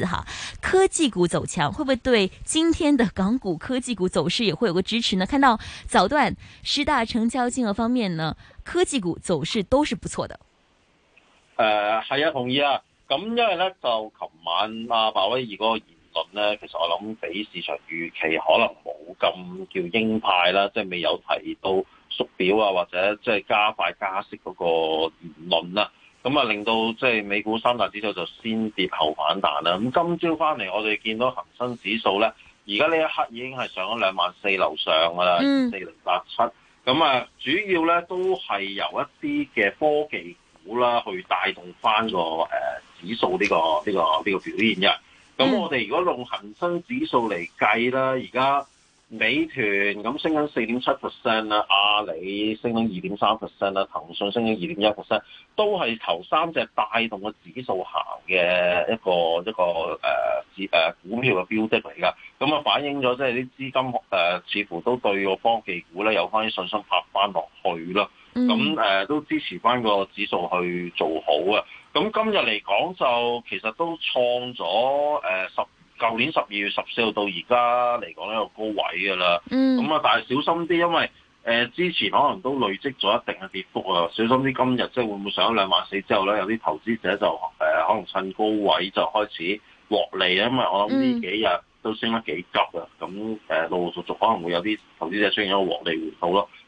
四哈，科技股走強，會不會對今天的港股科技股走勢也會有個支持呢？看到早段十大成交金額方面呢，科技股走勢都是不錯的。誒、呃，係啊，同意啊。咁因為咧，就琴晚阿、啊、鮑威爾嗰個言論呢，其實我諗比市場預期可能冇咁叫鷹派啦，即係未有提到縮表啊，或者即係加快加息嗰個言論啦、啊。咁啊，令到即係美股三大指數就先跌後反彈啦。咁今朝翻嚟，我哋見到恒生指數咧，而家呢一刻已經係上咗兩萬四樓上噶啦，四零八七。咁啊，主要咧都係由一啲嘅科技股啦，去帶動翻個誒指數呢個呢個呢個表現啫。咁我哋如果用恒生指數嚟計啦，而家。美團咁升緊四點七 percent 啦，阿里升緊二點三 percent 啦，騰訊升緊二點一 percent，都係頭三隻帶動嘅指數行嘅一個一個誒，誒、呃呃、股票嘅標的嚟噶、er。咁啊，反映咗即係啲資金誒、呃，似乎都對個科技股咧有翻啲信心拍翻落去咯。咁誒、呃，都支持翻個指數去做好啊。咁今日嚟講就其實都創咗誒十。呃舊年十二月十四號到而家嚟講，呢個高位㗎啦。咁啊、嗯，但係小心啲，因為誒之前可能都累積咗一定嘅跌幅啊。小心啲，今日即係會唔會上咗兩萬四之後咧，有啲投資者就誒可能趁高位就開始獲利啊。因為我諗呢幾日都升得幾急啊。咁、嗯、誒，陸陸續續可能會有啲投資者出現一個獲利回吐咯。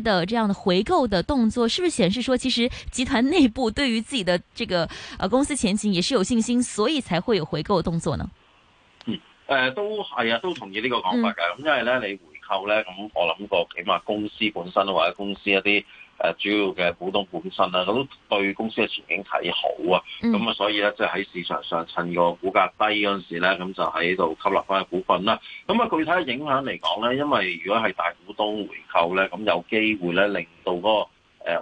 的這樣的回購的動作，是不是顯示說其實集團內部對於自己的這個呃公司前景也是有信心，所以才會有回購的動作呢？嗯，誒、呃，都係啊，都同意呢個講法嘅。咁因為咧，你回購咧，咁我諗過起碼公司本身或者公司一啲。誒主要嘅股東本身啦，咁對公司嘅前景睇好啊，咁啊、嗯、所以咧，即係喺市場上趁個股價低嗰陣時咧，咁就喺度吸納翻嘅股份啦。咁啊，具體嘅影響嚟講咧，因為如果係大股東回購咧，咁有機會咧令到嗰個誒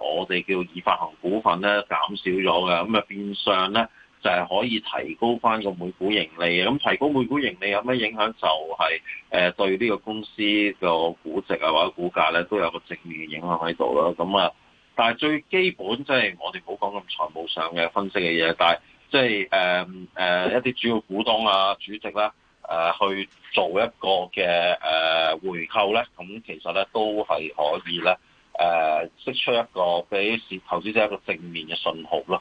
我哋叫已發行股份咧減少咗嘅，咁啊變相咧。就係可以提高翻個每股盈利嘅，咁提高每股盈利有咩影響？就係、是、誒對呢個公司個估值啊或者股價咧都有個正面嘅影響喺度咯。咁啊，但係最基本即係、就是、我哋唔好講咁財務上嘅分析嘅嘢，但係即係誒誒一啲主要股東啊、主席啦、啊、誒去做一個嘅誒回購咧，咁其實咧都係可以咧誒、啊、釋出一個俾投資者一個正面嘅信號咯。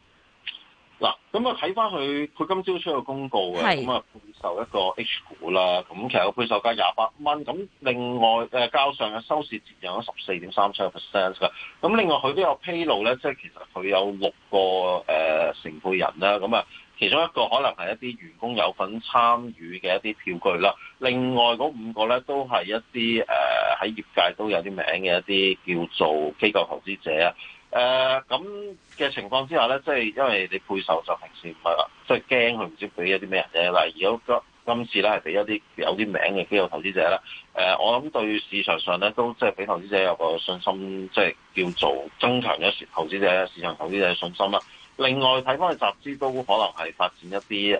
嗱，咁啊睇翻佢，佢今朝出個公告嘅，咁啊是配售一個 H 股啦，咁其實個配售價廿八蚊，咁另外誒交上嘅收市跌咗十四點三七個 percent 嘅，咁另外佢都有披露咧，即係其實佢有六個誒承配人啦，咁啊其中一個可能係一啲員工有份參與嘅一啲票據啦，另外嗰五個咧都係一啲誒喺業界都有啲名嘅一啲叫做機構投資者啊。誒，咁嘅、呃、情況之下咧，即係因為你配售就平時唔係啦，即係驚佢唔知俾一啲咩人啫。嗱，如果今次咧係俾一啲有啲名嘅機構投資者啦誒、呃，我諗對市場上咧都即係俾投資者有個信心，即係叫做增強咗市投資者、市場投資者嘅信心啦。另外睇翻集資都可能係發展一啲誒誒、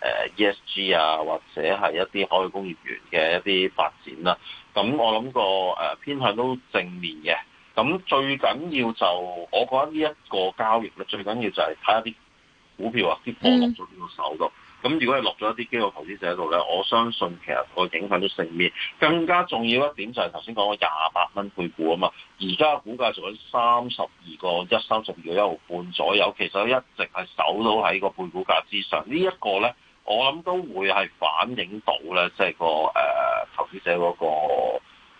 呃、ESG 啊，或者係一啲海外工業園嘅一啲發展啦。咁我諗個誒偏向都正面嘅。咁最緊要就，我覺得呢一個交易咧，最緊要就係睇下啲股票啊，啲貨落咗邊個手度。咁、嗯、如果係落咗一啲機構投資者喺度咧，我相信其實個影響都盛面。更加重要一點就係頭先講嘅廿八蚊配股啊嘛，而家股價做緊三十二個一、三十二個一毫半左右，其實一直係守到喺個配股價之上。這個、呢一個咧，我諗都會係反映到咧，即、就、係、是、個誒、呃、投資者嗰、那個。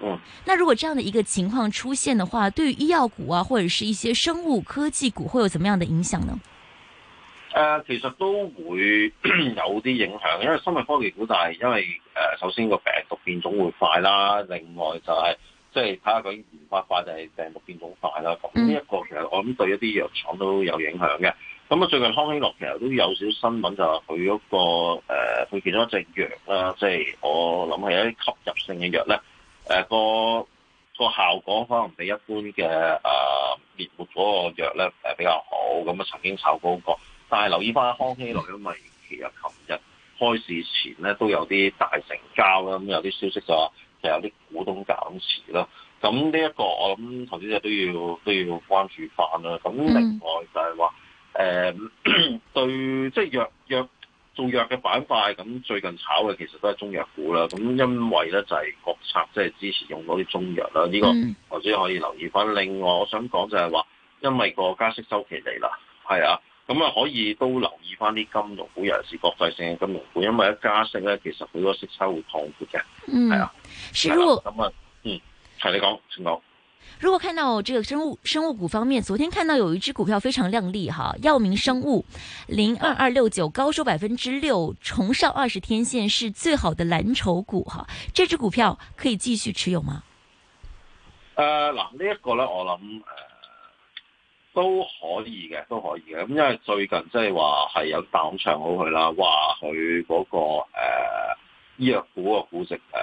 嗯，那如果這樣的一個情況出現的話，對於醫藥股啊，或者是一些生物科技股，會有怎麼樣的影響呢？啊、呃，其實都會有啲影響，因為生物科技股就係因為誒、呃，首先個病毒變種會快啦，另外就係、是、即係睇下佢研發快定係、就是、病毒變種快啦。咁呢一個其實我諗對一啲藥廠都有影響嘅。咁、嗯、啊，最近康希諾其實都有少新聞就係佢嗰個誒，佢、呃、其中一隻藥啦，即、就、係、是、我諗係一啲吸入性嘅藥咧。誒、呃，個個效果可能比一般嘅誒滅活嗰個藥咧誒比較好，咁、嗯、啊曾經炒高過一個，但係留意翻康希諾，因為其實琴日開市前咧都有啲大成交啦，咁、嗯、有啲消息就話就有啲股東減持啦，咁呢一個我諗投資者，都要都要關注翻啦。咁另外就係話誒對，即係藥藥。中藥嘅板塊，咁最近炒嘅其實都係中藥股啦。咁因為咧就係國策，即係支持用到啲中藥啦。呢個我先可以留意翻。另外我想講就係話，因為個加息周期嚟啦，係啊，咁啊可以都留意翻啲金融股，尤其是國際性嘅金融股，因為一加息咧，其實佢個息差會擴闊嘅。嗯，係啊，師傅，咁啊，嗯，係你講，請講。如果看到這個生物，生物股方面，昨天，看到有一隻股票非常亮麗哈，藥明生物，零二二六九高收百分之六，重上二十天線是最好的藍籌股哈，這隻股票可以繼續持有嗎？呃，嗱、這個，呢一個咧，我諗，呃，都可以嘅，都可以嘅。咁因為最近即係話係有打場好佢啦，話佢、嗰個誒、呃、醫藥股嘅股值，誒、呃，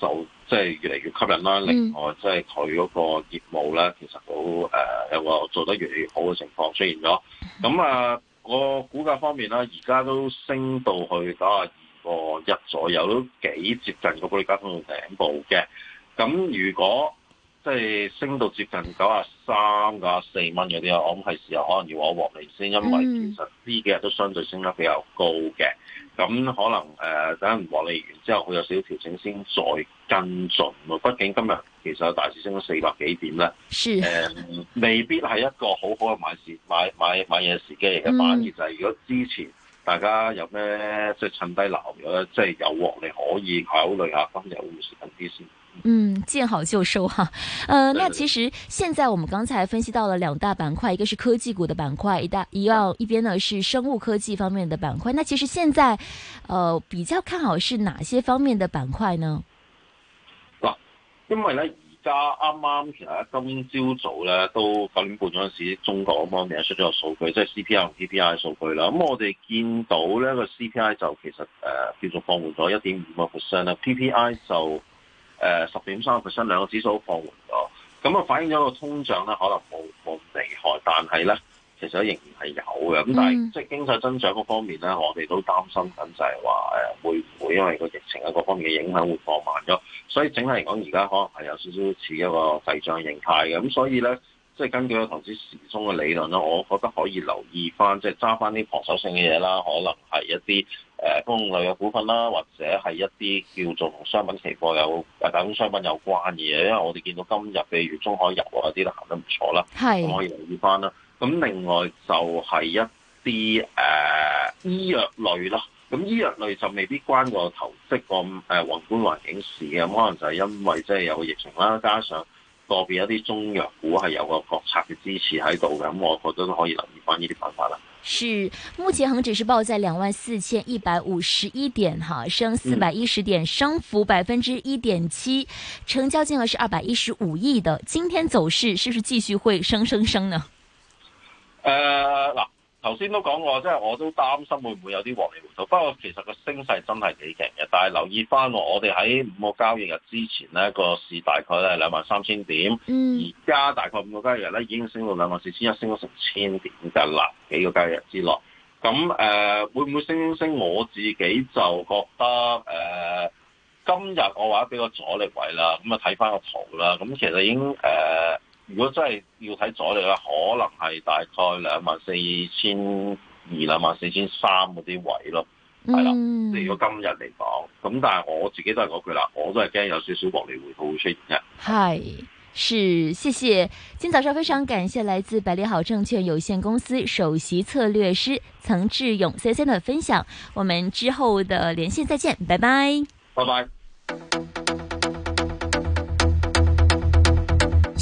就。即係越嚟越吸引啦。另外，即係佢嗰個業務咧，其實好誒，又話做得越嚟越好嘅情況出現咗。咁啊，個股價方面啦，而家都升到去九啊二個一左右，都幾接近個保歷加通嘅頂部嘅。咁如果即係升到接近九啊三、九啊四蚊嗰啲啊，我諗係時候可能要攞獲利先，因為其實呢幾日都相對升得比較高嘅。咁可能誒，等人獲利完之後，佢有少少調整先再，跟進咯，畢竟今日其實有大市升咗四百幾點啦。是誒、呃，未必係一個很好好嘅買市買買買嘢時機嚟嘅，反、嗯、而就係如果之前大家有咩即係趁低留咗，即係有獲利你可以考慮下，今日會唔會蝕緊啲先？嗯，見好就收哈、啊。誒、呃，那其實現在我們剛才分析到了兩大板塊，一個是科技股的板塊，一大一要一邊呢是生物科技方面的板塊。那其實現在，呃比較看好是哪些方面的板塊呢？因為咧，而家啱啱其實今朝早咧都九點半嗰陣時，中國嗰方面出咗個數據，即係 CPI 同 PPI 數據啦。咁我哋見到咧、這個 CPI 就其實誒、呃、叫做放緩咗一點五個 percent 啦，PPI 就誒十點三個 percent，兩個指數都放緩咗。咁啊反映咗個通脹咧，可能冇冇厲害，但係咧。其實仍然係有嘅，咁但係即係經濟增長嗰方面咧，嗯、我哋都擔心緊就係話誒會唔會因為個疫情啊各方面嘅影響會放慢咗。所以整體嚟講，而家可能係有少少似一個滯脹形態嘅。咁所以咧，即、就、係、是、根據投資時鐘嘅理論咧，我覺得可以留意翻，即係揸翻啲防守性嘅嘢啦，可能係一啲誒公用類嘅股份啦，或者係一啲叫做同商品期貨有大宗商品有關嘅嘢。因為我哋見到今日譬如中海油啊啲都行得唔錯啦，可以留意翻啦。咁另外就係一啲誒、呃、醫藥類咯，咁醫藥類就未必關個投資個誒宏觀環境事嘅，咁可能就係因為即係有個疫情啦，加上個別一啲中藥股係有個國策嘅支持喺度嘅，咁我覺得都可以留意返呢啲板法啦。是目前恒指是報在兩萬四千一百五十一點，哈，升四百一十點，升幅百分之一點七，成交金額是二百一十五億的。今天走勢是不是繼續會升升升呢？誒，嗱、呃，頭先都講過，即係我都擔心會唔會有啲獲利回吐。不過其實個升勢真係幾勁嘅，但係留意翻我，我哋喺五個交易日之前咧個市大概咧係兩萬三千點，而家、嗯、大概五個交易日咧已經升到兩萬四千一，升咗成千點嘅啦，幾個交易日之內。咁誒、呃，會唔會升升？我自己就覺得誒、呃，今日我話畀個阻力位啦，咁啊睇翻個圖啦，咁其實已經誒。呃如果真係要睇阻力咧，可能係大概兩萬四千二、兩萬四千三嗰啲位咯，係啦、嗯。如果今日嚟講，咁但係我自己都係嗰句啦，我都係驚有少少獲利回吐會出現嘅。係、哎，是，謝謝，今早上非常感謝來自百利好證券有限公司首席策略師岑智勇 C C 的分享。我們之後的連線再見，拜拜，拜拜。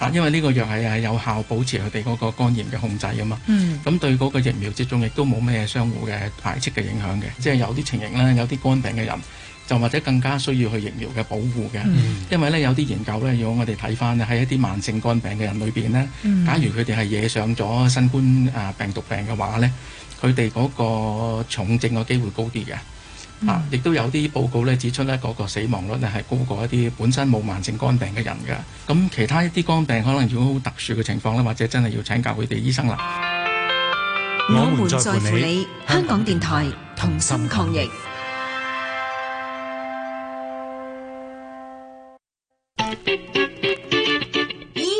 啊，因為呢個藥係係有效保持佢哋嗰個肝炎嘅控制啊嘛，咁對嗰個疫苗接種亦都冇咩相互嘅排斥嘅影響嘅，即係有啲情形咧，有啲肝病嘅人就或者更加需要去疫苗嘅保護嘅，因為咧有啲研究咧，如果我哋睇翻喺一啲慢性肝病嘅人裏邊咧，假如佢哋係惹上咗新冠啊病毒病嘅話咧，佢哋嗰個重症嘅機會高啲嘅。啊！亦都、嗯、有啲報告咧指出咧，嗰個死亡率咧係高過一啲本身冇慢性肝病嘅人嘅。咁其他一啲肝病，可能如果好特殊嘅情況咧，或者真係要請教佢哋醫生啦。我們在乎你，香港電台同心抗疫。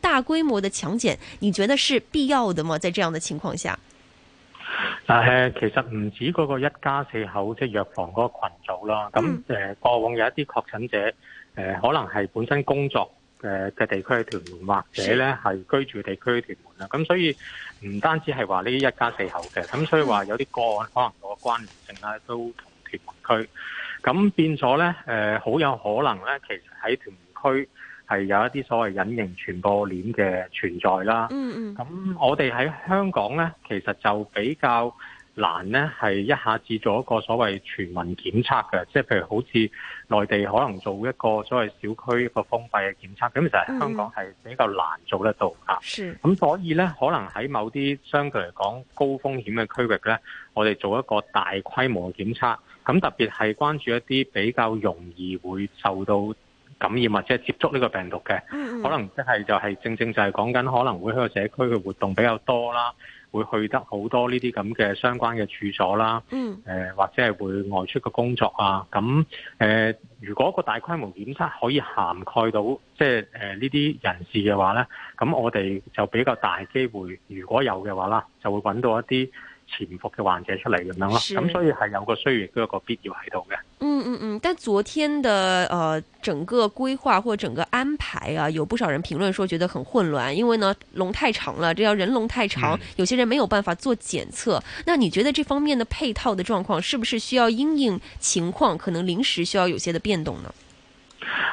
大規模的強檢，你覺得是必要的嗎？在這樣的情況下，誒，其實唔止嗰個一家四口即藥、即係、房嗰個群組啦，咁誒過往有一啲確診者，誒、呃、可能係本身工作誒嘅地區屯門或者咧係居住地區屯門啦，咁所以唔單止係話呢啲一家四口嘅，咁所以話有啲個案可能個關聯性咧都同屯門區，咁變咗咧，誒、呃、好有可能咧，其實喺屯門區。係有一啲所謂隱形傳播鏈嘅存在啦。咁我哋喺香港呢，其實就比較難呢，係一下子做一個所謂全民檢測嘅，即係譬如好似內地可能做一個所謂小區一個封閉嘅檢測，咁其實香港係比較難做得到嚇。咁所以呢，可能喺某啲相對嚟講高風險嘅區域呢，我哋做一個大規模檢測，咁特別係關注一啲比較容易會受到。感染或者接觸呢個病毒嘅，可能即係就係正正就係講緊可能會喺個社區嘅活動比較多啦，會去得好多呢啲咁嘅相關嘅處所啦、呃、或者係會外出嘅工作啊。咁、呃、如果個大規模檢測可以涵蓋到，即係呢啲人士嘅話呢，咁我哋就比較大機會，如果有嘅話啦，就會揾到一啲潛伏嘅患者出嚟，咁樣咯，咁所以係有個需要，都有個必要喺度嘅。嗯嗯嗯，但昨天的誒、呃、整個規劃或整個安排啊，有不少人評論說覺得很混亂，因為呢龍太長了，這要人龍太長，有些人沒有辦法做檢測。嗯、那你覺得這方面的配套的狀況，是不是需要因應情況，可能臨時需要有些的變動呢？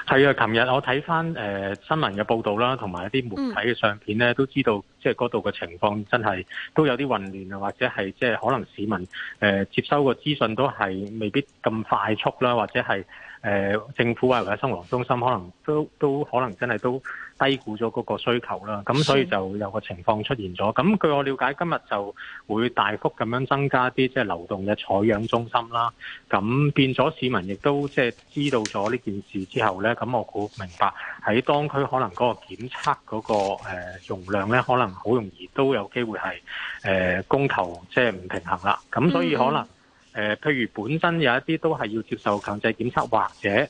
係啊！琴日我睇返誒新聞嘅報道啦，同埋一啲媒體嘅相片咧，都知道即係嗰度嘅情況真係都有啲混亂啊，或者係即係可能市民誒、呃、接收個資訊都係未必咁快速啦，或者係誒、呃、政府啊或者生活中心可能都都可能真係都。低估咗嗰個需求啦，咁所以就有個情況出現咗。咁據我了解，今日就會大幅咁樣增加啲即係流動嘅採樣中心啦。咁變咗市民亦都即係知道咗呢件事之後咧，咁我估明白喺當區可能嗰個檢測嗰個誒容量咧，可能好容易都有機會，係誒供求即係唔平衡啦。咁所以可能誒、mm. 譬如本身有一啲都係要接受強制檢測，或者係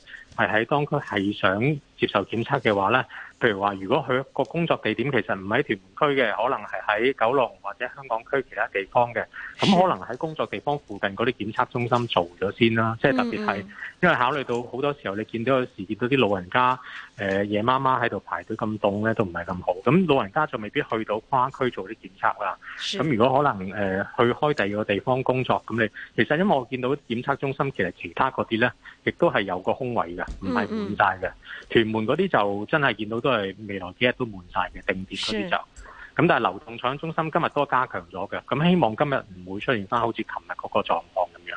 喺當區係想接受檢測嘅話咧。譬如話，如果佢個工作地點其實唔喺屯門區嘅，可能係喺九龍或者香港區其他地方嘅，咁可能喺工作地方附近嗰啲檢測中心做咗先啦，啊。即係特別係，因為考慮到好多時候你見到時見到啲老人家。誒、呃、夜媽媽喺度排隊咁凍咧，都唔係咁好。咁老人家就未必去到跨區做啲檢測啦。咁的如果可能誒、呃、去開第二個地方工作，咁你其實因為我見到檢測中心其實其他嗰啲咧，亦都係有個空位嘅，唔係滿晒嘅。嗯嗯，屯門嗰啲就真係見到都係未來幾日都滿晒嘅定點嗰啲就。咁的但係流動採樣中心今日都加強咗嘅，咁希望今日唔會出現翻好似琴日嗰個狀況咁樣。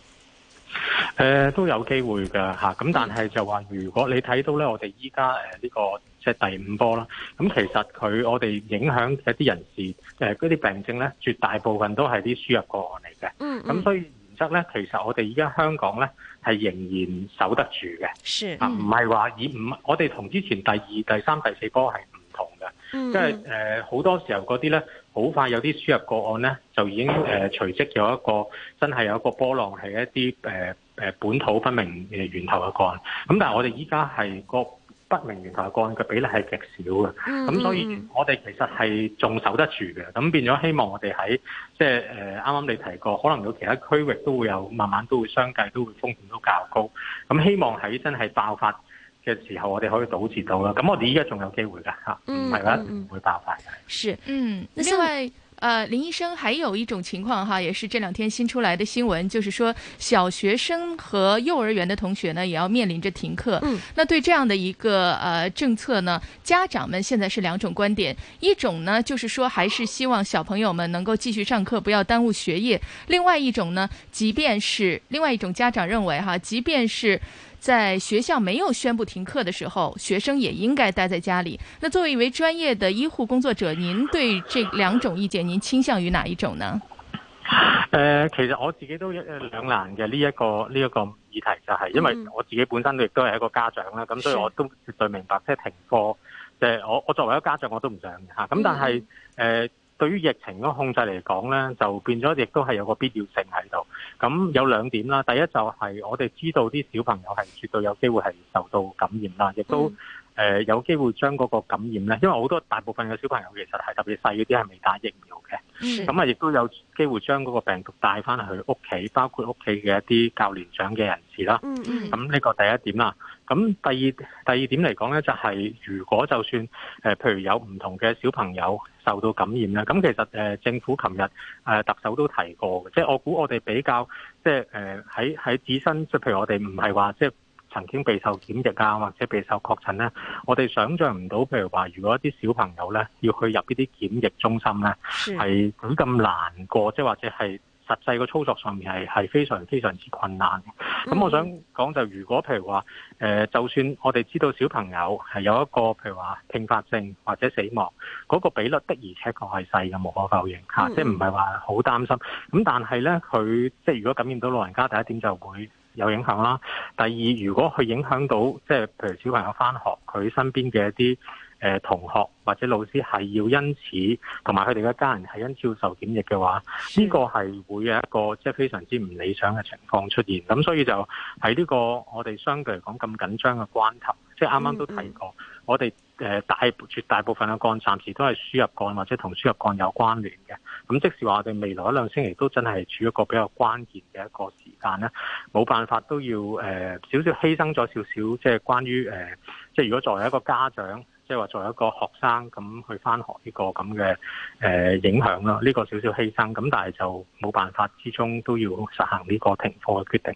誒、呃，都有機會噶吓，咁但係就話，如果你睇到咧，我哋依家誒呢個即係第五波啦，咁其實佢我哋影響一啲人士誒嗰啲病症咧，絕大部分都係啲輸入個案嚟嘅、嗯。嗯咁所以，原則咧，其實我哋依家香港咧係仍然守得住嘅。是。啊、嗯，唔係話以我哋同之前第二、第三、第四波係唔同嘅，即係誒好多時候嗰啲咧。好快有啲輸入個案咧，就已經誒、呃、隨即有一個真係有一個波浪，係一啲誒本土不明源頭嘅個案。咁但係我哋依家係個不明源頭嘅個案嘅比例係極少嘅，咁所以我哋其實係仲守得住嘅。咁變咗希望我哋喺即係誒啱啱你提過，可能有其他區域都會有，慢慢都會相繼都會風險都較高。咁希望喺真係爆發嘅時候，我哋可以堵截到啦。咁我哋依家仲有機會噶吓，係咪？唔會爆發嘅。是，嗯。另外，是呃、林醫生，還有一種情況哈，也是這兩天新出來的新聞，就是說，小學生和幼兒園的同學呢，也要面臨着停課。嗯。那對這樣的一個、呃、政策呢，家長們現在是兩種觀點。一種呢，就是說，還是希望小朋友們能夠繼續上課，不要耽誤學業。另外一種呢，即便是另外一種家長認為哈，即便是。在學校沒有宣佈停課的時候，學生也應該待在家裏。那作為一位專業的醫護工作者，您對這兩種意見，您傾向於哪一種呢？誒，呃，其實我自己都一兩難嘅。呢一個呢一個議題就係，因為我自己本身亦都係一個家長啦，咁所以我都絕對明白，即係停課，即係我我作為一個家長，我都唔想嘅吓。咁但係誒。呃對於疫情嗰個控制嚟講呢，就變咗亦都係有個必要性喺度。咁有兩點啦，第一就係我哋知道啲小朋友係絕對有機會係受到感染啦，亦都，誒有機會將嗰個感染咧，因為好多大部分嘅小朋友其實係特別細嗰啲係未打疫苗嘅的，咁啊亦都有機會將嗰個病毒帶翻去屋企，包括屋企嘅一啲較年長嘅人士啦的。咁呢個第一點啦。咁第二第二點嚟講咧，就係如果就算誒，譬如有唔同嘅小朋友受到感染咧，咁其實誒政府琴日誒特首都提過嘅，即係我估我哋比較即係誒喺喺自身，即譬如我哋唔係話即係。曾經被受檢疫啊，或者被受確診咧，我哋想像唔到，譬如話，如果啲小朋友咧要去入呢啲檢疫中心咧，係咁咁難過，即係或者係實際嘅操作上面係係非常非常之困難嘅。咁我想講就，如果譬如話，誒、呃，就算我哋知道小朋友係有一個譬如話併發症或者死亡，嗰、那個比率的而且確係細嘅無可否認嚇，嗯、即係唔係話好擔心。咁但係咧，佢即係如果感染到老人家，第一點就會。有影響啦。第二，如果佢影響到即係譬如小朋友返學，佢身邊嘅一啲誒同學或者老師係要因此同埋佢哋嘅家人係因此受檢疫嘅話，呢、這個係會有一個即係非常之唔理想嘅情況出現。咁所以就喺呢個我哋相對嚟講咁緊張嘅關頭，即係啱啱都提過。嗯嗯我哋誒大絕大部分嘅鋼，暫時都係輸入鋼或者同輸入鋼有關聯嘅。咁即使話我哋未來一兩星期都真係處於一個比較關鍵嘅一個時間咧，冇辦法都要誒少少犧牲咗少少，即係關於誒，即係如果作為一個家長，即係話作為一個學生咁去返學呢個咁嘅誒影響啦。呢個少少犧牲，咁但係就冇辦法之中都要實行呢個停課嘅決定。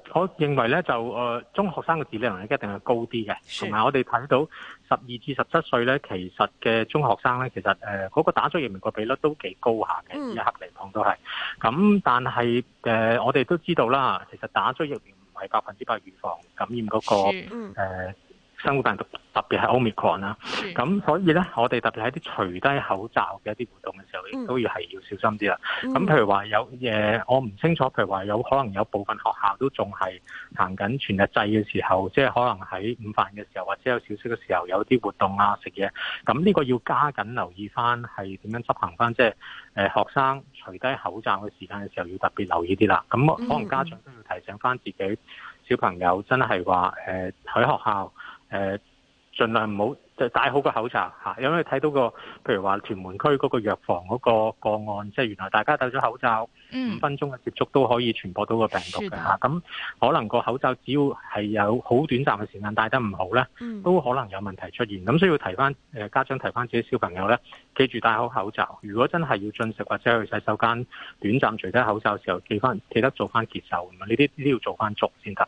我認為咧就誒、呃、中學生嘅自理能力一定係高啲嘅，同埋是我哋睇到十二至十七歲咧，其實嘅中學生咧，其實誒嗰個打咗疫苗個比率都幾高下嘅，嗯、一刻嚟講都係。咁但係誒、呃、我哋都知道啦，其實打咗疫苗唔係百分之百預防感染嗰、那個誒。生活病毒特別係 Omicron 啦，咁所以咧，我哋特別喺啲除低口罩嘅一啲活動嘅時候，亦都要係要小心啲啦。咁譬如話有誒，我唔清楚，譬如話有可能有部分學校都仲係行緊全日制嘅時候，即係可能喺午飯嘅時候或者有小食嘅時候有啲活動啊，食嘢，咁呢個要加緊留意翻，係點樣執行翻，即係誒學生除低口罩嘅時間嘅時候要特別留意啲啦。咁可能家長都要提醒翻自己小朋友真係話誒喺學校。誒，盡量唔好就戴好個口罩吓，因為睇到個譬如話屯門區嗰個藥房嗰個個案，即係原來大家戴咗口罩五、嗯、分鐘嘅接觸都可以傳播到個病毒嘅吓，咁的、啊、可能個口罩只要係有好短暫嘅時間戴得唔好咧，嗯、都可能有問題出現。咁所以要提翻，誒家長提翻自己小朋友咧，記住戴好口罩。如果真係要進食或者去洗手間短暫除低口罩嘅時候，記翻記得做翻潔手，咁呢啲呢啲要做翻足先得。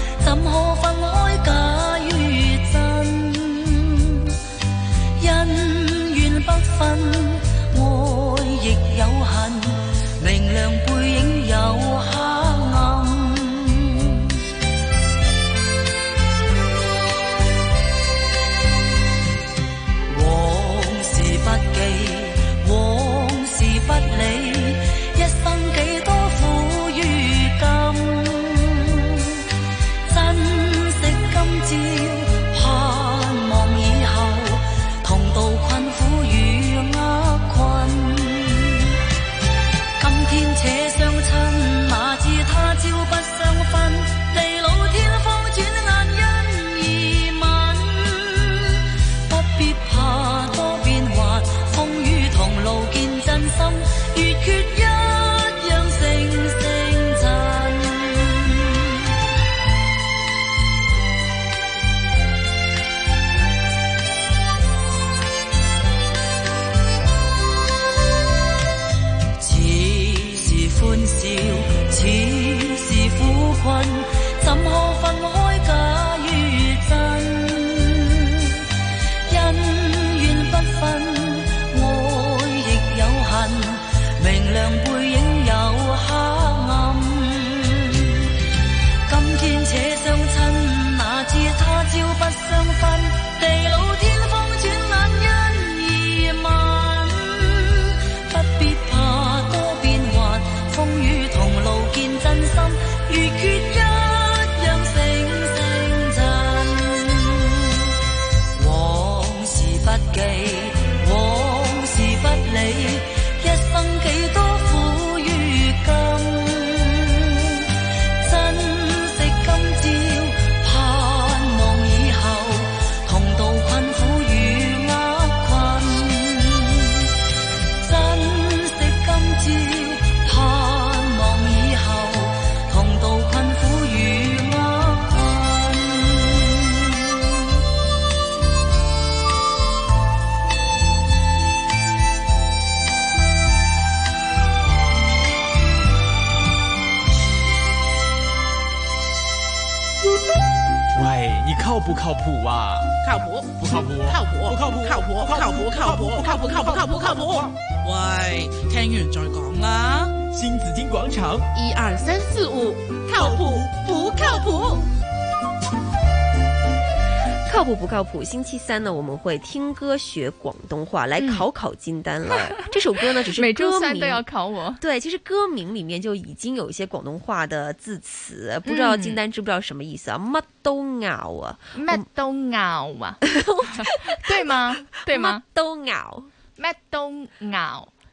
星期三呢，我們會聽歌學廣東話，來考考金丹了。嗯、 這首歌呢，只是每周三都要考我。對，其實歌名裏面就已經有一些廣東話的字詞，嗯、不知道金丹知不知道什麼意思啊？乜、嗯、都拗啊，乜我都拗啊， 對嗎？對嗎？乜都拗，乜都拗。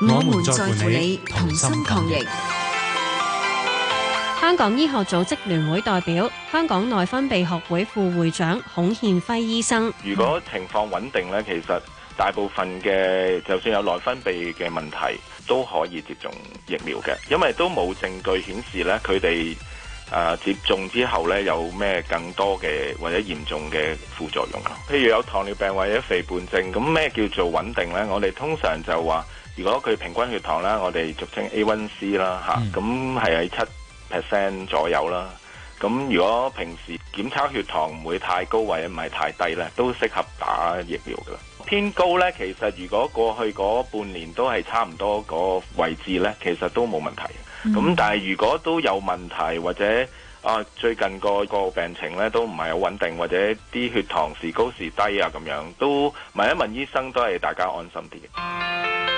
我們在乎你同心抗疫，同同香港醫學組織聯會代表、香港內分泌學會副會長孔憲輝醫生：如果情況穩定咧，其實大部分嘅就算有內分泌嘅問題，都可以接種疫苗嘅，因為都冇證據顯示咧佢哋誒接種之後咧有咩更多嘅或者嚴重嘅副作用啦，譬如有糖尿病或者肥胖症，咁咩叫做穩定咧？我哋通常就話。如果佢平均血糖啦，我哋俗稱 A1C 啦，吓，咁係喺七 percent 左右啦。咁如果平時檢測血糖唔會太高，或者唔係太低咧，都適合打疫苗噶啦。偏高咧，其實如果過去嗰半年都係差唔多嗰位置咧，其實都冇問題。咁、mm. 但係如果都有問題或者啊最近個個病情咧都唔係好穩定，或者啲血糖時高時低啊咁樣，都問一問醫生都係大家安心啲嘅。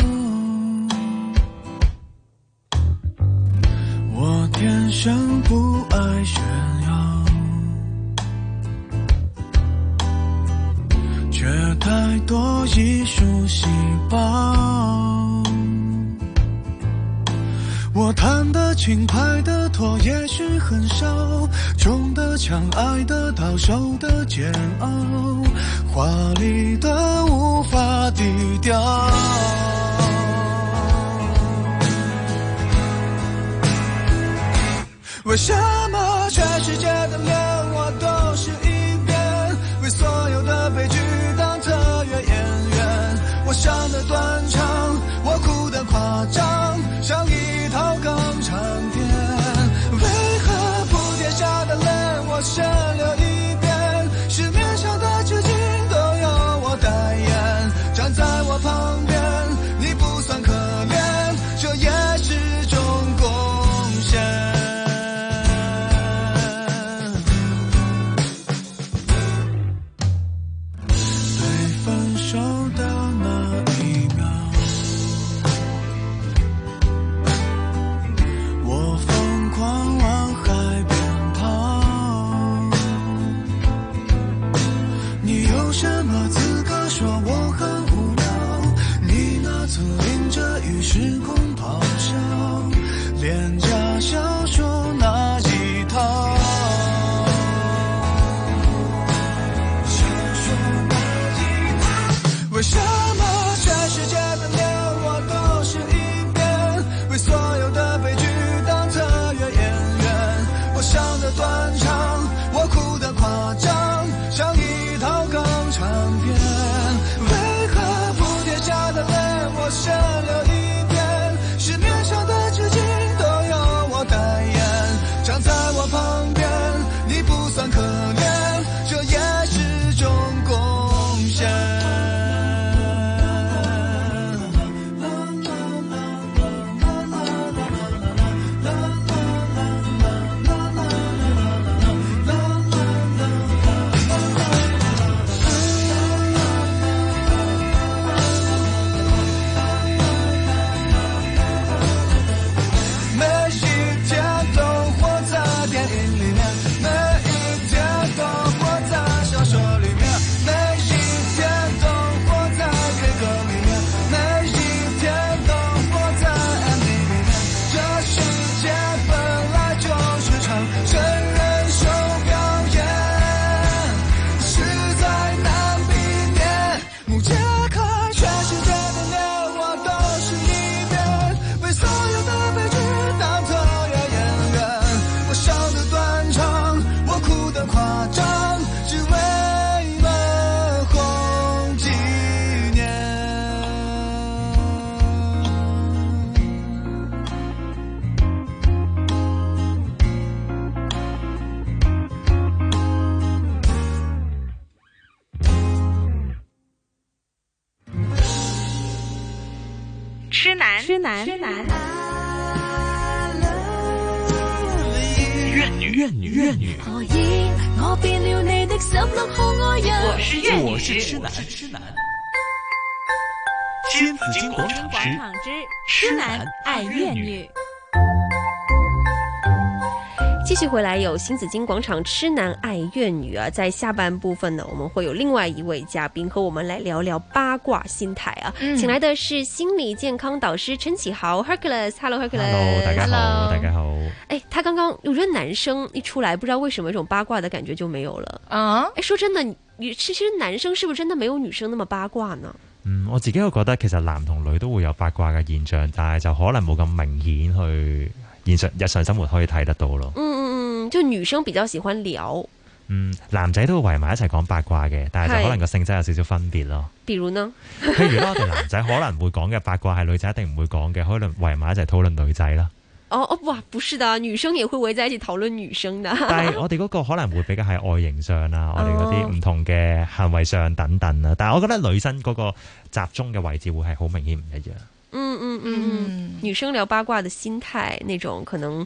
還有新紫荊廣場痴男愛怨女啊，在下半部分呢，我們會有另外一位嘉賓和我們來聊聊八卦心態啊。嗯、請來的是心理健康導師陳棨豪 Hello, Hello, Hello, 大家好，Hello 大家好。哎、欸，他剛剛我覺得男生一出來，不知道為什麼，一種八卦的感覺就沒有了啊。哎、uh? 欸，說真的，你其實男生是不是真的沒有女生那麼八卦呢？嗯，我自己會覺得，其實男同女都會有八卦的現象，但係就可能冇咁明顯，去現實日常生活可以睇得到咯。嗯。就女生比較喜歡聊，嗯，男仔都會圍埋一齊講八卦嘅，但係就可能個性質有少少分別咯。比如呢？譬 如我哋男仔可能會講嘅八卦係女仔一定唔會講嘅，可能圍埋一齊討論女仔啦，哦。哦哦，哇，不是的，女生也會圍在一起討論女生的。 但係我哋嗰個可能會比較係外形上啦，我哋嗰啲唔同嘅行為上等等啦。但係我覺得女生嗰個集中嘅位置會係好明顯唔一樣。嗯嗯嗯嗯，女生聊八卦嘅心態，那種可能。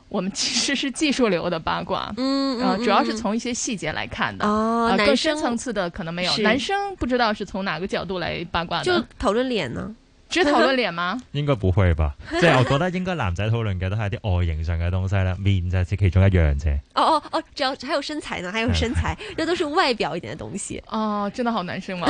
我們其實是技術流的八卦，嗯，呃，主要是從一些細節來看的，啊，更深層次的可能沒有。男生不知道是從哪個角度來八卦，就討論臉呢？只討論臉嗎？應該不會吧？即係我覺得應該男仔討論嘅都係啲外形上嘅東西啦，面就係其中一樣啫。哦哦哦，只要還有身材呢，還有身材，那都是外表一點的東西。哦，真的好男生嗎？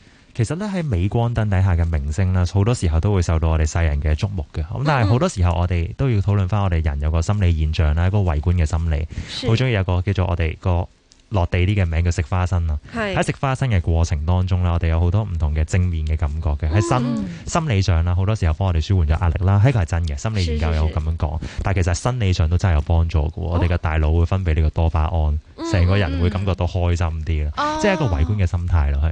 其實咧喺鎂光燈底下嘅明星咧，好多時候都會受到我哋世人嘅矚目嘅。咁但係好多時候我哋都要討論翻我哋人有個心理現象啦，一個圍觀嘅心理，好中意有個叫做我哋個落地啲嘅名字叫食花生啊。喺食是花生嘅過程當中咧，我哋有好多唔同嘅正面嘅感覺嘅，喺心、嗯、心理上啦，好多時候幫我哋舒緩咗壓力啦。呢、這個係真嘅，心理研究有咁樣講。是是是，但係其實心理上都真係有幫助嘅。哦、我哋嘅大腦會分泌呢個多巴胺，成個人會感覺到開心啲，即係一個圍觀嘅心態咯，係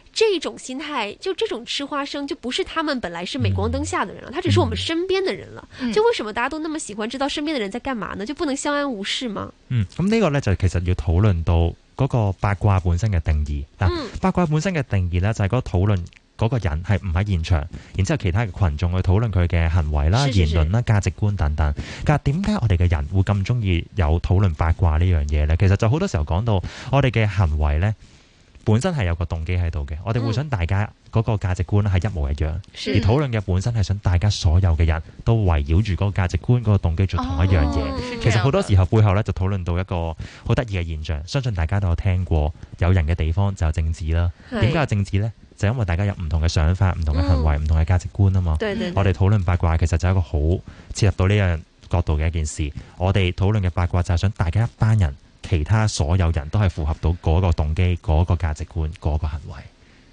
這種心態，就這種吃花生，就不是他們本來是鎂光燈下的人了，嗯、他只是我們身邊的人了。嗯、就為什麼大家都那麼喜歡知道身邊的人在幹嘛呢？就不能相安無事嗎？嗯，咁呢個呢，就其實要討論到嗰個八卦本身嘅定義啊。嗯、八卦本身嘅定義呢，就係嗰討論嗰個人係唔喺現場，然之後其他嘅群眾去討論佢嘅行為啦、是是是言論啦、價值觀等等。但係點解我哋嘅人會咁中意有討論八卦呢樣嘢呢？其實就好多時候講到我哋嘅行為呢。本身係有個動機喺度嘅，我哋會想大家嗰個價值觀係一模一樣，是而討論嘅本身係想大家所有嘅人都圍繞住嗰個價值觀、嗰個動機做同一樣嘢。哦、其實好多時候背後咧就討論到一個好得意嘅現象，相信大家都有聽過，有人嘅地方就有政治啦。點解是有政治呢？就因為大家有唔同嘅想法、唔同嘅行為、唔、哦、同嘅價值觀啊嘛。對對對，我哋討論八卦其實就係一個好切入到呢樣角度嘅一件事。我哋討論嘅八卦就係想大家一班人。其他所有人都係符合到嗰個動機、嗰、那個價值觀、嗰、那個行為。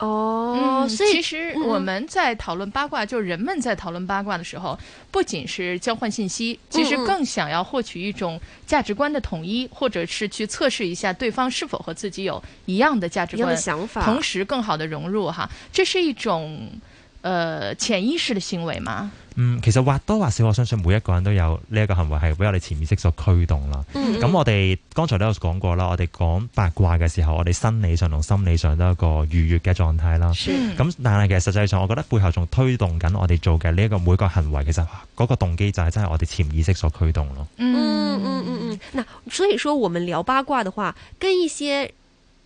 哦、嗯，所以、嗯、其實我們在討論八卦，就人們在討論八卦的時候，不僅是交換信息，其實更想要獲取一種價值觀的統一，或者是去測試一下對方是否和自己有一樣的價值觀、想法，同時更好的融入哈，這是一種。誒，潛、呃、意識的行為嘛？嗯，其實或多或少我相信每一個人都有呢一個行為係俾我哋潛意識所驅動啦。咁、嗯、我哋剛才都有講過啦，我哋講八卦嘅時候，我哋生理上同心理上都係一個愉悦嘅狀態啦。咁是但係其實實際上，我覺得背後仲推動緊我哋做嘅呢一個每個行為，其實嗰個動機就係真係我哋潛意識所驅動咯、嗯。嗯嗯嗯嗯，嗱所以說我們聊八卦嘅話，跟一些。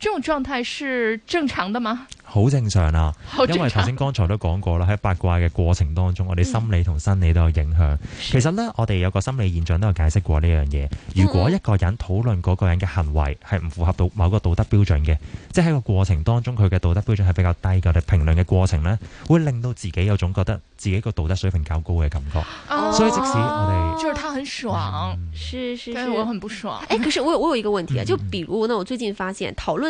這種狀態是正常的嗎？好正常啊，好正常，因為頭先剛才都講過啦，喺八卦嘅過程當中，我哋心理同生理都有影響。嗯、其實咧，我哋有個心理現象都有解釋過呢樣嘢。如果一個人討論嗰個人嘅行為係唔符合到某個道德標準嘅，即係喺個過程當中佢嘅道德標準係比較低嘅，評論嘅過程咧會令到自己有種覺得自己個道德水平較高嘅感覺。哦、所以即使我哋就是他很爽，嗯、是是但我很不爽。誒、欸，可是我我有一個問題，就比如呢，我最近發現討論。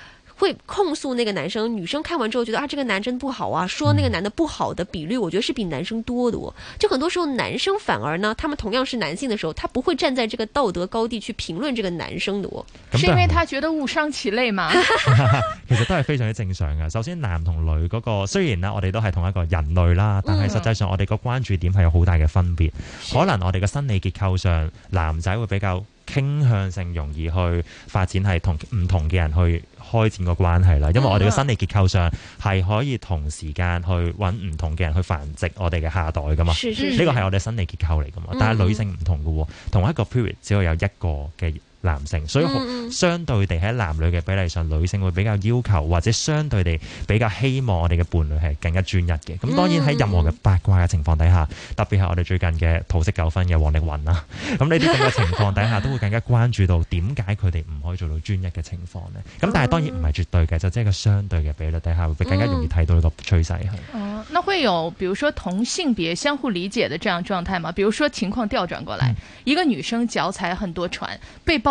會控訴那個男生，女生看完之後覺得啊，這個男真不好啊，說那個男的不好的比率，我覺得是比男生多的。嗯、就很多時候，男生反而呢，他們同樣是男性的時候，他不會站在這個道德高地去評論這個男生的。是因為他覺得物傷其類嗎？ 其實都係非常之正常嘅。首先男、那個，男同女嗰個雖然呢，我哋都係同一個人類啦，但係實際上我哋個關注點係有好大嘅分別。嗯、可能我哋嘅生理結構上，男仔會比較傾向性容易去發展係同唔同嘅人去開展個關係啦，因為我哋嘅生理結構上係可以同時間去搵唔同嘅人去繁殖我哋嘅下一代㗎嘛，呢個係我哋嘅生理結構嚟㗎嘛。但係女性唔同㗎喎，嗯、同一個 period 只會有一個嘅。男性，所以相對地喺男女嘅比例上，嗯、女性會比較要求或者相對地比較希望我哋嘅伴侶係更加專一嘅。咁當然喺任何嘅八卦嘅情況底下，嗯、特別係我哋最近嘅桃色糾紛嘅王力宏啦、啊，咁呢啲咁嘅情況底下，都會更加關注到點解佢哋唔可以做到專一嘅情況咧。咁但係當然唔係絕對嘅，嗯、就即係個相對嘅比例底下會更加容易睇到呢個趨勢係哦，那會有，比如說同性別相互理解的這樣狀態嘛，比如說情況調轉過來，嗯、一個女生腳踩很多船被包。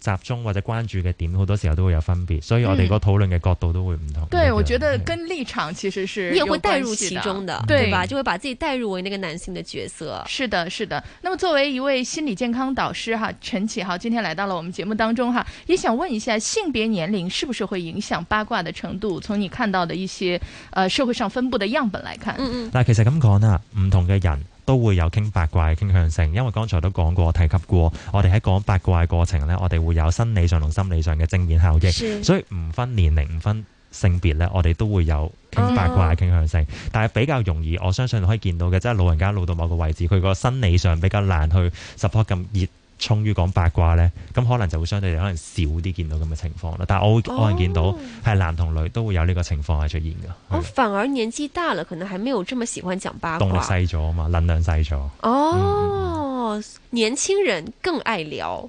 集中或者關注嘅點，好多時候都會有分別，所以我哋個討論嘅角度都會唔同、嗯。對，我覺得跟立場其實是，你也會帶入其中的，對，對吧？就會把自己帶入為那個男性的角色。是的，是的。那麼作為一位心理健康導師哈，陳棨豪今天來到了我們節目當中哈，也想問一下，性別、年齡是不是會影響八卦的程度？從你看到的一些，呃，社會上分布的樣本來看，嗯嗯。但其實咁講啦，唔同嘅人。都會有傾八卦嘅傾向性，因為剛才都講過提及過，我哋喺講八卦嘅過程呢，我哋會有生理上同心理上嘅正面效益，是所以唔分年齡唔分性別呢，我哋都會有傾八卦嘅傾向性。哦、但係比較容易，我相信可以見到嘅，即係老人家老到某個位置，佢個生理上比較難去 support 咁熱。重於講八卦呢，咁可能就會相對可能少啲見到咁嘅情況啦。但係我會可能、哦、見到係男同女都會有呢個情況係出現㗎。我、哦、反而年紀大了，可能還沒有這麼喜歡講八卦。動力細咗嘛，能量細咗。哦，嗯嗯、年輕人更愛聊。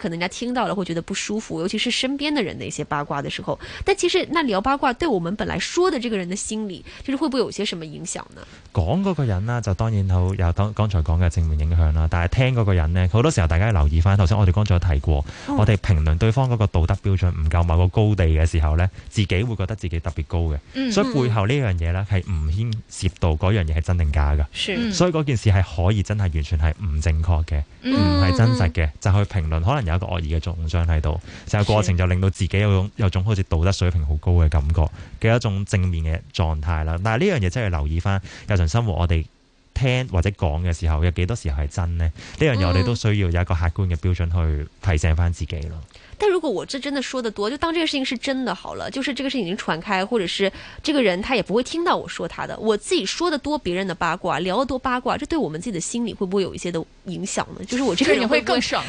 可能人家聽到了會覺得不舒服，尤其是身邊的人的一些八卦的時候。但其實那聊八卦對我們本來說的這個人的心理，就是會不會有些什麼影響呢？講嗰個人啦，就當然好有當剛才講嘅正面影響啦。但係聽嗰個人咧，好多時候大家留意翻，頭先我哋剛才，剛才提過，哦、我哋評論對方嗰個道德標準唔夠某個高地嘅時候咧，自己會覺得自己特別高嘅。嗯、所以背後呢樣嘢咧係唔牽涉到嗰樣嘢係真定假嘅。是所以嗰件事係可以真係完全係唔正確嘅，唔係、嗯、真實嘅，就去評論可能.有一個惡意嘅重傷喺度，成個過程就令到自己有種有種好似道德水平好高嘅感覺嘅一種正面嘅狀態啦。但係呢樣嘢真係留意翻日常生活，我哋聽或者講嘅時候，有幾多時候係真呢？呢、嗯、樣嘢我哋都需要有一個客觀嘅標準去提醒翻自己咯。但如果我這真的說得多，就當這個事情是真的好了，就是這個事情已經傳開，或者是這個人他也不會聽到我說他的，我自己說得多，別人的八卦聊得多八卦，這對我們自己的心理會不會有一些的影響呢？就是我這個人會更爽，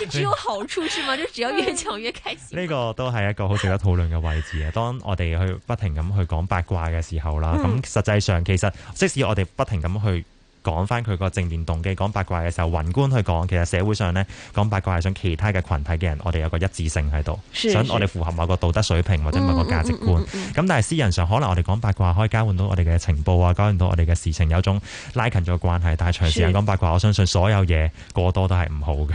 就只有好處是嗎？就只要越講越開心。呢 個都係一個好值得討論嘅位置啊！當我哋去不停咁去講八卦嘅時候啦，咁、嗯、實際上其實即使我哋不停咁去。講翻佢個正面動機，講八卦嘅時候宏觀去講，其實社會上呢，講八卦係想其他嘅群體嘅人，我哋有一個一致性喺度，是是想我哋符合某個道德水平或者某個價值觀。咁但係私人上，可能我哋講八卦可以交換到我哋嘅情報啊，交換到我哋嘅事情，有種拉近咗關係。但係長時間講八卦，我相信所有嘢過多都係唔好嘅。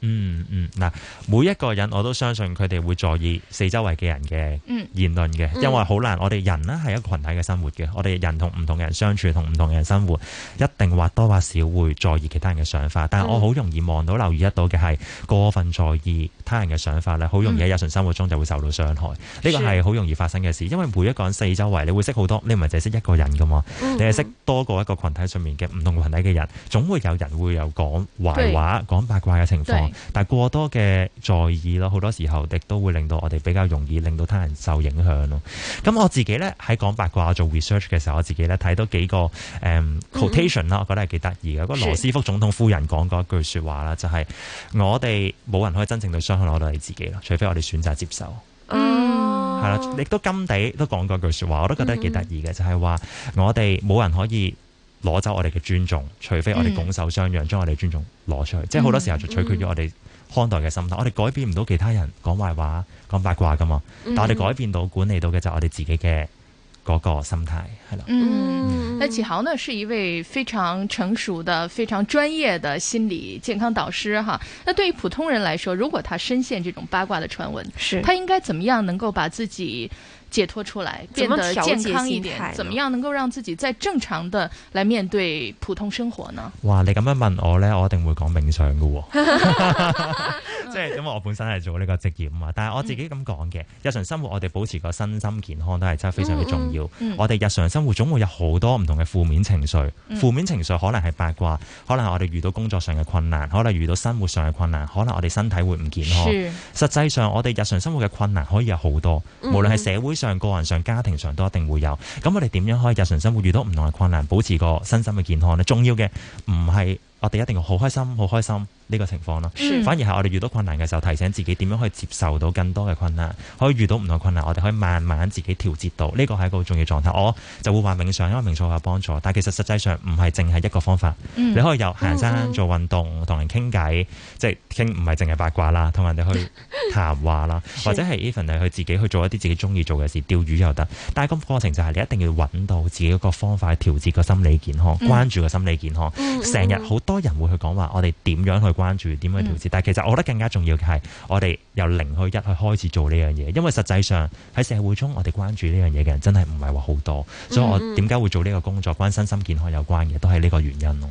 嗯嗯，嗱、嗯，每一個人我都相信佢哋會在意四周圍嘅人嘅言論嘅，嗯嗯、因為好難，我哋人咧係一個群體嘅生活嘅，我哋人同唔同嘅人相處，同唔同嘅人生活，一定或多或少會在意其他人嘅想法。但係我好容易望到、留意得到嘅係過分在意他人嘅想法咧，好容易喺日常生活中就會受到傷害。呢個係好容易發生嘅事，因為每一個人四周圍你會識好多，你唔係淨係識一個人噶嘛，你係識多過一個群體上面嘅唔同群體嘅人，總會有人會有講壞話、講對八卦嘅情況。但過過多嘅在意咯，好多時候亦都會令到我哋比較容易令到他人受影響咯。咁我自己咧喺講八卦我做 research 嘅時候，我自己咧睇到幾個誒 quotation 啦，um, 嗯、我覺得係幾得意嘅。嗰、那個羅斯福總統夫人講過一句說話啦，是就係我哋冇人可以真正對傷害我哋自己咯，除非我哋選擇接受。係啦、嗯，亦都甘地都講過一句說話，我都覺得幾得意嘅，嗯、就係話我哋冇人可以。攞走我哋嘅尊重，除非我哋拱手相讓，將、嗯、我哋尊重攞出去，即係好多時候就取決咗我哋看待嘅心態。嗯嗯、我哋改變唔到其他人講壞話、講八卦噶嘛，嗯、但我哋改變到、管理到嘅就我哋自己嘅嗰個心態係咯。嗯，那棨豪呢，是一位非常成熟的、的非常專業的心理健康導師哈。那對於普通人來說，如果他深陷這種八卦的傳聞，是他應該怎麼樣能夠把自己？解脫出來，變得健康一點，怎麼，怎麼樣能夠讓自己再正常的來面對普通生活呢？哇，你咁樣問我呢，我一定會講冥想噶、哦，即係因為我本身係做呢個職業啊嘛。但係我自己咁講嘅，嗯、日常生活我哋保持個身心健康都係真係非常之重要。嗯嗯、我哋日常生活總會有好多唔同嘅負面情緒，負、嗯、面情緒可能係八卦，可能係我哋遇到工作上嘅困難，可能遇到生活上嘅困難，可能我哋身體會唔健康。是實際上，我哋日常生活嘅困難可以有好多，無論係社會上的困難。嗯上個人上家庭上都一定會有，咁我哋點樣可以日常生活遇到唔同嘅困難，保持個身心嘅健康呢？重要嘅唔係我哋一定要好開心，好開心。呢個情況咯，反而係我哋遇到困難嘅時候，提醒自己點樣去接受到更多嘅困難，可以遇到唔同嘅困難，我哋可以慢慢自己調節到。呢、這個係一個好重要狀態，我就會話冥想，因為冥想有幫助。但其實實際上唔係淨係一個方法，嗯、你可以有行山做運動，同人傾偈，嗯、即係傾唔係淨係八卦啦，同人哋去談話啦， 或者係 even 你去自己去做一啲自己中意做嘅事，釣魚又得。但係個過程就係你一定要揾到自己一個方法去調節個心理健康，嗯、關注個心理健康。成、嗯、日好多人會去講話，我哋點樣去？關注點樣調節，但係其實我覺得更加重要嘅係，我哋由零去一去開始做呢樣嘢，因為實際上喺社會中，我哋關注呢樣嘢嘅人真係唔係話好多，所以我點解會做呢個工作，關身心健康有關嘅，都係呢個原因咯。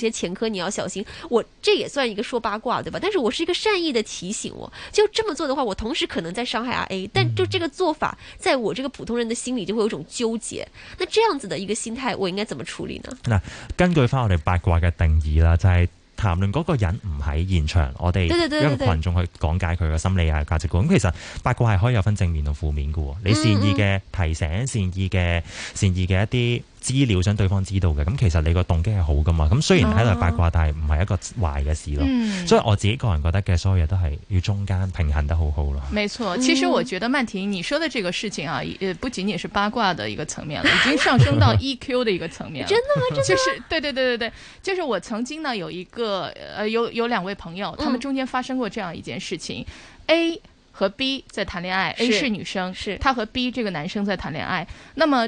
些前科你要小心，我這也算一個說八卦對吧？但是我是一個善意的提醒，我就這麼做的話，我同時可能在傷害阿 A，但就這個做法，在我這個普通人的心裏就會有種糾結。那這樣子的一個心態，我應該怎麼處理呢？嗱、嗯，根據翻我哋八卦嘅定義啦，就係、是、談論嗰個人唔喺現場，我哋一個群眾去講解佢嘅心理啊、價值觀。咁其實八卦係可以有分正面同負面嘅，你善意嘅提醒、善意嘅善意嘅一啲。資料想對方知道嘅，咁其實你個動機係好㗎嘛，咁雖然喺度八卦，哦、但係唔係一個壞嘅事咯。嗯、所以我自己個人覺得嘅，所有嘢都係要中間平衡得很好好咯。沒錯，其實我覺得曼婷，你說的這個事情啊，也不僅僅,僅是八卦的一個層面了，已經上升到 EQ 的一個層面了。真的嗎？就是對對對對對，就是我曾經呢有一個，呃，有有兩位朋友，他們中間發生過這樣一件事情。嗯、A 和 B 在談戀愛，A 是,是女生，是她和 B 這個男生在談戀愛。那麼